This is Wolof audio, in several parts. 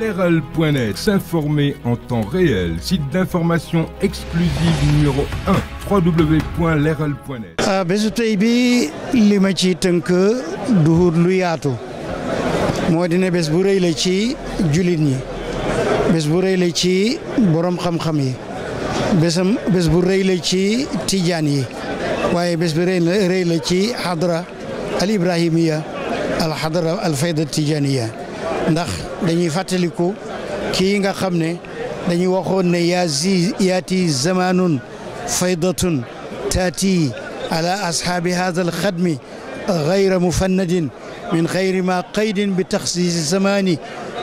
Leral.net, s'informer en temps réel. Site d'information exclusive numéro 1, www.leral.net. Ah, bésu tey bi li ma ci tënk duhut lu yaatu moo di ne bu rëy ci jullit yi bés bu rëy ci borom xam yi bésam bu rëy la ci tijaan yi waaye bés bu rëy la ci xadra al ibrahimiya al xadra al fayda tijaniya ndax dañuy fàttaliku kii nga xam ne dañuy waxoon ne yaati yaati zamanun faydatun taati ala ashaabi hada alxadmi gayra mufannadin min gayri ma qaydin bi taxsiisi zamani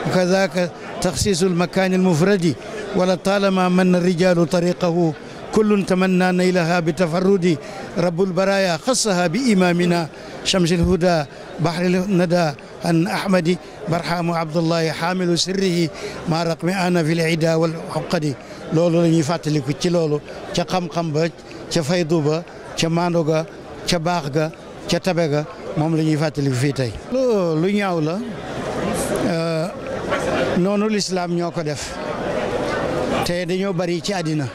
wa kadaka taxsiisu almakaani almufradi wala taalama manna rijaalu tariqahu kullun tamanna naylaha bi tafarrudi rabbul baraya xassaha bi imamina chamsi lhuda bahri nada an ahmadi barhamu abdullahi haamilu sirrihi ma raqmi ana fi lida wal xoqadi loolu la ñuy fàttaliku ci loolu ca xam ba ca faydu ba ca maando ga ca baax ga ca tabega moom la ñuy fàttaliku fii tey lu ñaaw la noonu lislaam ñoo ko def te dañoo bari ci àddina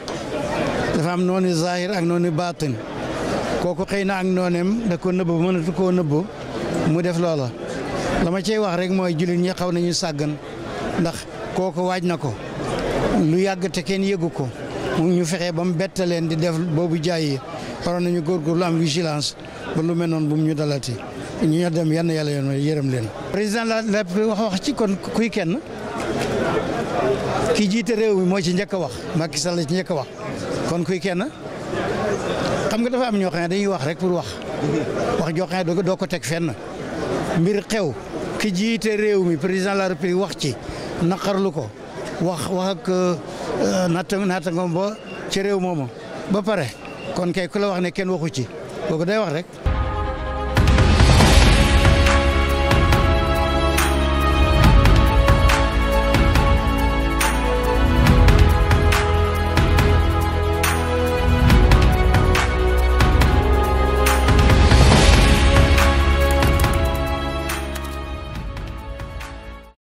dafa am noonu zahir ak noonu baatin kooku xëy na ak noonem da ko nëbb mënatu koo nëbb mu def loola la ma cey wax rek mooy jullit ñi xaw nañu sàggan ndax kooku waaj na ko lu yàgg te kenn yëgu ko mu ñu fexee ba mu bett leen di def boobu jaay yi waroon nañu góorgóorlu am vigilance ba lu mel noonu bu mu ñu dalati ñu ñoo dem yenn yàlla yoon yërëm leen. président la la wax wax ci kon kuy kenn ki jiite réew mi mooy ci njëkk a wax Macky Sall ci njëkk a wax kon kuy kenn xam nga dafa am ñoo xam ne dañuy wax rek pour wax wax joo xam ne doo ko teg fenn. mbir xew ki jiite réew mi président de la république wax ci naqarlu ko wax wax ak naata euh, euh, naataangoom ci réew moomu ba pare kon kay ku la wax ne kenn waxu ci boo ko day wax rek.